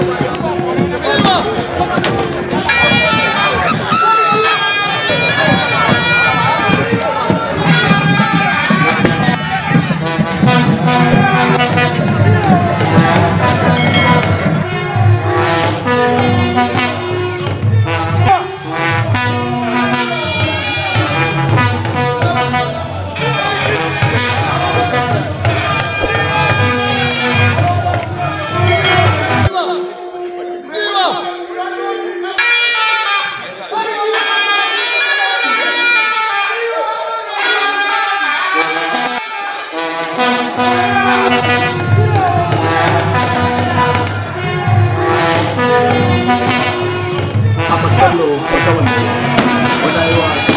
Wow. flow, but I What are you?